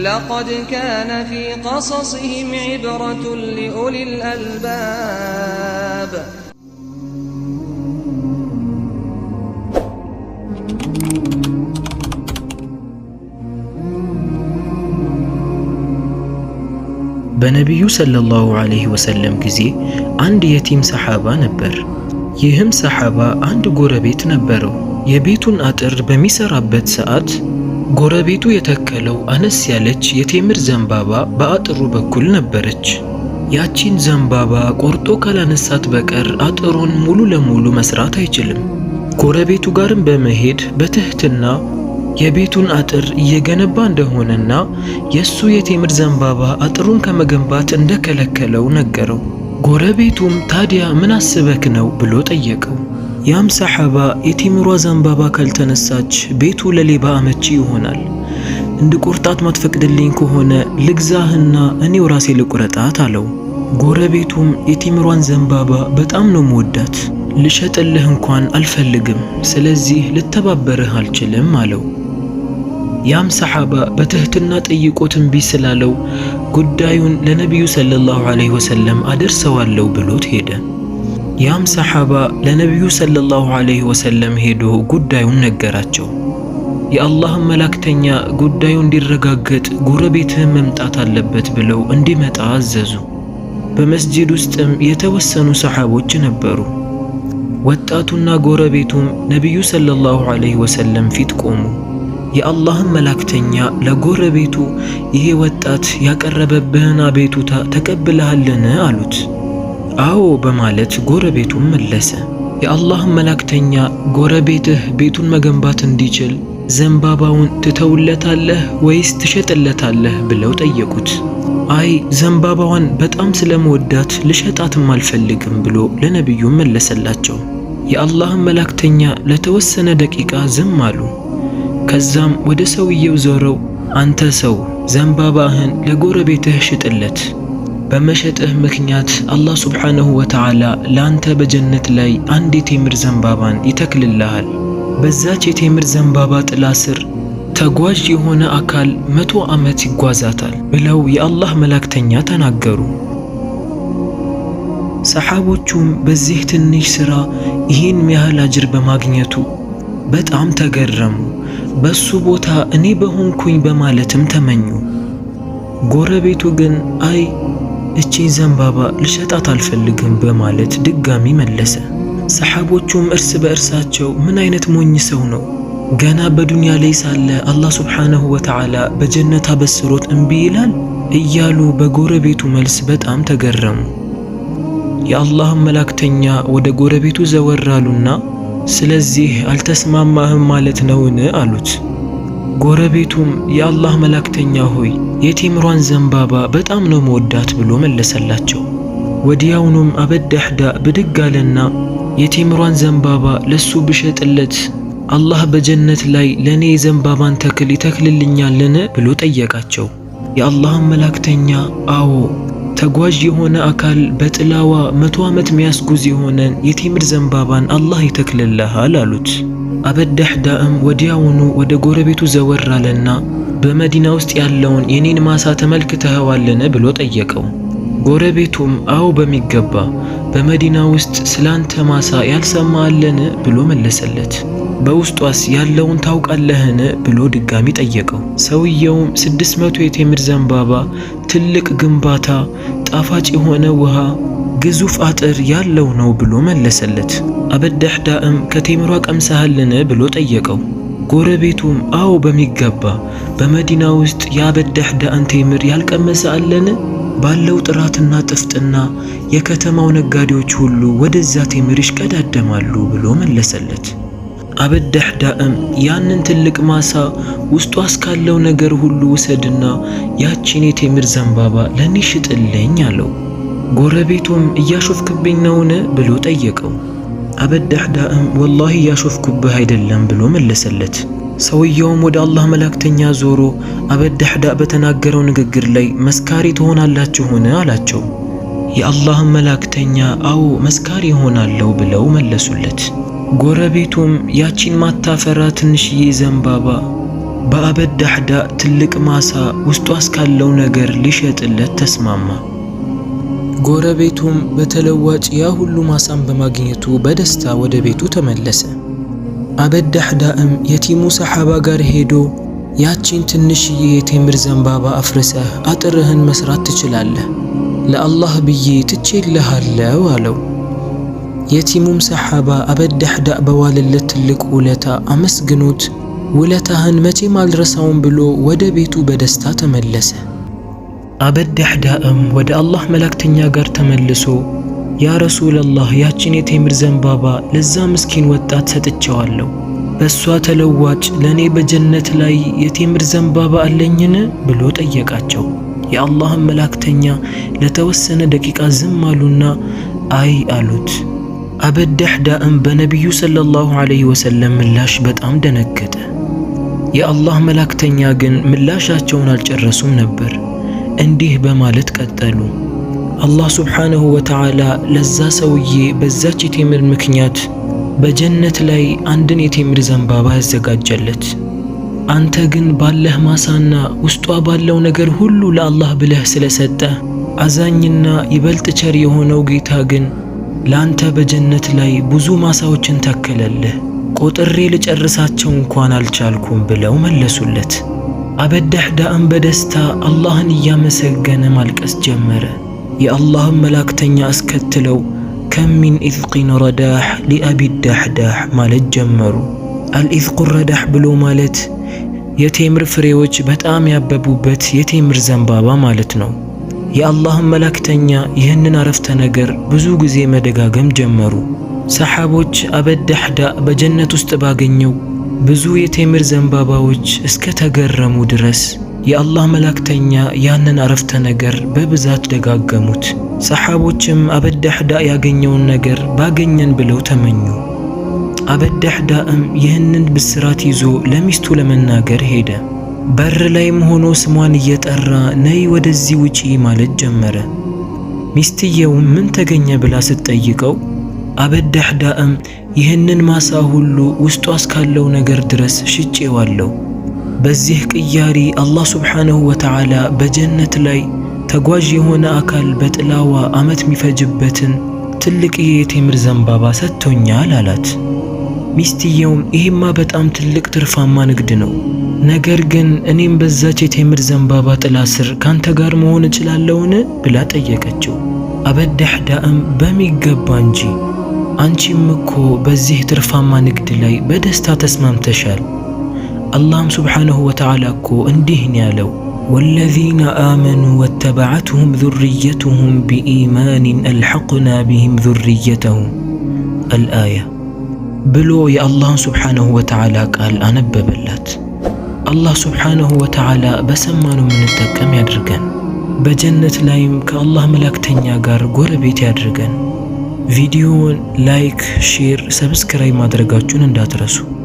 لقد كان في قصصهم عبرة لأولي الألباب በነቢዩ ሰለላሁ ዐለይሂ ወሰለም ጊዜ አንድ የቲም ሰሓባ ነበር። ይህም ሰሓባ አንድ ጎረቤት ነበረው። የቤቱን አጥር በሚሰራበት ሰዓት ጎረቤቱ የተከለው አነስ ያለች የቴምር ዘንባባ በአጥሩ በኩል ነበረች። ያቺን ዘንባባ ቆርጦ ካላነሳት በቀር አጥሩን ሙሉ ለሙሉ መስራት አይችልም። ጎረቤቱ ጋርም በመሄድ በትህትና የቤቱን አጥር እየገነባ እንደሆነና የእሱ የቴምር ዘንባባ አጥሩን ከመገንባት እንደከለከለው ነገረው። ጎረቤቱም ታዲያ ምን አስበክ ነው ብሎ ጠየቀው። ያም ሰሓባ የቴምሯ ዘንባባ ካልተነሳች ቤቱ ለሌባ አመቺ ይሆናል። እንድ ቁርጣት ማትፈቅድልኝ ከሆነ ልግዛህና እኔው ራሴ ልቁረጣት አለው። ጎረቤቱም የቴምሯን ዘንባባ በጣም ነው መወዳት፣ ልሸጥልህ እንኳን አልፈልግም፣ ስለዚህ ልተባበርህ አልችልም አለው። ያም ሰሓባ በትህትና ጠይቆት እምቢ ስላለው ጉዳዩን ለነቢዩ ሰለላሁ ዐለይሂ ወሰለም አደርሰዋለሁ ብሎት ሄደ። ያም ሰሓባ ለነቢዩ ሰለላሁ ዐለይሂ ወሰለም ሄዶ ጉዳዩን ነገራቸው። የአላህም መላእክተኛ ጉዳዩ እንዲረጋገጥ ጎረቤትህን መምጣት አለበት ብለው እንዲመጣ አዘዙ። በመስጂድ ውስጥም የተወሰኑ ሰሓቦች ነበሩ። ወጣቱና ጎረቤቱም ነቢዩ ሰለላሁ ዐለይሂ ወሰለም ፊት ቆሙ። የአላህም መላእክተኛ ለጎረቤቱ ይሄ ወጣት ያቀረበብህን አቤቱታ ተቀብለሃልን? አሉት። አዎ በማለት ጎረቤቱም መለሰ። የአላህ መላእክተኛ ጎረቤትህ ቤቱን መገንባት እንዲችል ዘንባባውን ትተውለታለህ ወይስ ትሸጥለታለህ ብለው ጠየቁት። አይ ዘንባባዋን በጣም ስለመወዳት ልሸጣትም አልፈልግም ብሎ ለነቢዩም መለሰላቸው። የአላህም መላእክተኛ ለተወሰነ ደቂቃ ዝም አሉ። ከዛም ወደ ሰውየው ዞረው አንተ ሰው ዘንባባህን ለጎረቤትህ ሽጥለት በመሸጥህ ምክንያት አላህ ሱብሓነሁ ወተዓላ ላንተ በጀነት ላይ አንድ የቴምር ዘንባባን ይተክልልሃል። በዛች የቴምር ዘንባባ ጥላ ስር ተጓዥ የሆነ አካል መቶ ዓመት ይጓዛታል ብለው የአላህ መላእክተኛ ተናገሩ። ሰሓቦቹም በዚህ ትንሽ ሥራ ይህን ያህል አጅር በማግኘቱ በጣም ተገረሙ። በሱ ቦታ እኔ በሆንኩኝ በማለትም ተመኙ። ጎረቤቱ ግን አይ እቼን ዘንባባ ልሸጣት አልፈልግም በማለት ድጋሚ መለሰ። ሰሓቦቹም እርስ በእርሳቸው ምን አይነት ሞኝ ሰው ነው ገና በዱንያ ላይ ሳለ አላህ ሱብሓነሁ ወተዓላ በጀነት አበስሮት እምቢ ይላል እያሉ በጎረቤቱ መልስ በጣም ተገረሙ። የአላህም መላእክተኛ ወደ ጎረቤቱ ዘወር አሉና ስለዚህ አልተስማማህም ማለት ነውን? አሉት። ጎረቤቱም የአላህ መላእክተኛ ሆይ የቴምሯን ዘንባባ በጣም ነው መወዳት ብሎ መለሰላቸው። ወዲያውኑም አበዳህዳ ብድግ አለና የቴምሯን ዘንባባ ለሱ ብሸጥለት አላህ በጀነት ላይ ለእኔ የዘንባባን ተክል ይተክልልኛልን ብሎ ጠየቃቸው። የአላህም መላእክተኛ አዎ፣ ተጓዥ የሆነ አካል በጥላዋ መቶ ዓመት ሚያስጉዝ የሆነን የቴምር ዘንባባን አላህ ይተክልልሃል አሉት። አበዳህ ዳእም ወዲያውኑ ወደ ጎረቤቱ ዘወር አለና በመዲና ውስጥ ያለውን የኔን ማሳ ተመልክተኸዋልን ብሎ ጠየቀው። ጎረቤቱም አዎ በሚገባ በመዲና ውስጥ ስላንተ ማሳ ያልሰማለን ብሎ መለሰለት። በውስጧስ ያለውን ታውቃለህን ብሎ ድጋሚ ጠየቀው። ሰውየውም ስድስት መቶ የቴምር ዘንባባ፣ ትልቅ ግንባታ፣ ጣፋጭ የሆነ ውሃ፣ ግዙፍ አጥር ያለው ነው ብሎ መለሰለት። አበዳህ ዳእም ከቴምሯ ቀምሰሃልን ብሎ ጠየቀው። ጎረቤቱም አዎ በሚገባ በመዲና ውስጥ ዳእን ቴምር ያልቀመሰ አለን? ባለው ጥራትና ጥፍጥና የከተማው ነጋዴዎች ሁሉ ወደዛ ቴምር ይሽቀዳደማሉ ብሎ መለሰለት። አበዳህ ዳእም ያንን ትልቅ ማሳ ውስጡ እስካለው ነገር ሁሉ ውሰድና ያቺን የቴምር ዘንባባ ለኔ ሽጥልኝ አለው። ጎረቤቱም እያሾፍክብኝ ነውን ብሎ ጠየቀው። አበዳህ ዳእም ወላሂ እያሾፍኩብህ አይደለም ብሎ መለሰለት። ሰውየውም ወደ አላህ መላእክተኛ ዞሮ አበዳህ ዳእ በተናገረው ንግግር ላይ መስካሪ ትሆናላችሁን አላቸው። የአላህም መላእክተኛ አዎ መስካሪ ይሆናለሁ ብለው መለሱለት። ጎረቤቱም ያቺን ማታፈራ ትንሽዬ ዘንባባ በአበዳህ ዳእ ትልቅ ማሳ ውስጧ እስካለው ነገር ሊሸጥለት ተስማማ። ጎረቤቱም በተለዋጭ ያ ሁሉ ማሳም በማግኘቱ በደስታ ወደ ቤቱ ተመለሰ። አበዳህዳእም የቲሙ ሰሓባ ጋር ሄዶ ያቺን ትንሽዬ የቴምር ዘንባባ አፍርሰህ አጥርህን መስራት ትችላለህ፣ ለአላህ ብዬ ትቼልሃለው አለው። የቲሙም ሰሓባ አበዳህዳእ በዋለለት ትልቅ ውለታ አመስግኖት ውለታህን መቼም አልረሳውም ብሎ ወደ ቤቱ በደስታ ተመለሰ። አበዳህ ዳእም ወደ አላህ መላእክተኛ ጋር ተመልሶ ያ ረሱለላህ ያችን የቴምር ዘንባባ ለዛ ምስኪን ወጣት ሰጥቼዋለሁ፣ በእሷ ተለዋጭ ለእኔ በጀነት ላይ የቴምር ዘንባባ አለኝን ብሎ ጠየቃቸው። የአላህን መላእክተኛ ለተወሰነ ደቂቃ ዝም አሉና አይ አሉት። አበዳህ ዳእም በነቢዩ ሰለላሁ ዐለይሂ ወሰለም ምላሽ በጣም ደነገጠ። የአላህ መላእክተኛ ግን ምላሻቸውን አልጨረሱም ነበር። እንዲህ በማለት ቀጠሉ። አላህ ሱብሓነሁ ወተዓላ ለዛ ሰውዬ በዛች የቴምር ምክንያት በጀነት ላይ አንድን የቴምር ዘንባባ ያዘጋጀለት፣ አንተ ግን ባለህ ማሳና ውስጧ ባለው ነገር ሁሉ ለአላህ ብለህ ስለሰጠ አዛኝና ይበልጥ ቸር የሆነው ጌታ ግን ለአንተ በጀነት ላይ ብዙ ማሳዎችን ተከለልህ፣ ቆጥሬ ልጨርሳቸው እንኳን አልቻልኩም ብለው መለሱለት። አበዳህ ዳአን በደስታ አላህን እያመሰገነ ማልቀስ ጀመረ። የአላህም መላእክተኛ አስከትለው ከሚን ኢዝቂን ረዳህ ሊአቢ ዳህዳህ ማለት ጀመሩ። አልኢዝቁ ረዳህ ብሎ ማለት የቴምር ፍሬዎች በጣም ያበቡበት የቴምር ዘንባባ ማለት ነው። የአላህም መላእክተኛ ይህንን አረፍተ ነገር ብዙ ጊዜ መደጋገም ጀመሩ። ሰሓቦች አበዳህ ዳእ በጀነት ውስጥ ባገኘው ብዙ የቴምር ዘንባባዎች እስከ ተገረሙ ድረስ የአላህ መላእክተኛ ያንን አረፍተ ነገር በብዛት ደጋገሙት። ሰሓቦችም አበዳህዳ ያገኘውን ነገር ባገኘን ብለው ተመኙ። አበዳህዳእም ይህንን ብስራት ይዞ ለሚስቱ ለመናገር ሄደ። በር ላይም ሆኖ ስሟን እየጠራ ነይ ወደዚህ ውጪ ማለት ጀመረ። ሚስትየውም ምን ተገኘ ብላ ስትጠይቀው አበዳህ ዳእም ይህንን ማሳ ሁሉ ውስጡ እስካለው ነገር ድረስ ሽጬዋለሁ። በዚህ ቅያሪ አላህ ሱብሓነሁ ወተዓላ በጀነት ላይ ተጓዥ የሆነ አካል በጥላዋ ዓመት የሚፈጅበትን ትልቅ የቴምር ዘንባባ ሰጥቶኛል አላት። ሚስትየውም ይሄማ በጣም ትልቅ ትርፋማ ንግድ ነው፣ ነገር ግን እኔም በዛች የቴምር ዘንባባ ጥላ ስር ካንተ ጋር መሆን እችላለሁን ብላ ጠየቀችው። አበዳህ ዳእም በሚገባ እንጂ አንቺም እኮ በዚህ ትርፋማ ንግድ ላይ በደስታ ተስማምተሻል። አላህም ሱብሓነሁ ወተዓላ እኮ እንዲህ ያለው፣ ወለዚነ አመኑ ወተበዐትሁም ዙርየቱሁም ቢኢማንን አልሐቅና ቢህም ዙርየተሁም አልአያ ብሎ የአላህን ሱብሓነሁ ወተዓላ ቃል አነበበላት። አላህ ሱብሓነሁ ወተዓላ በሰማነው የምንጠቀም ያድርገን። በጀነት ላይም ከአላህ መላእክተኛ ጋር ጎረቤት ያድርገን። ቪዲዮውን ላይክ፣ ሼር፣ ሰብስክራይብ ማድረጋችሁን እንዳትረሱ።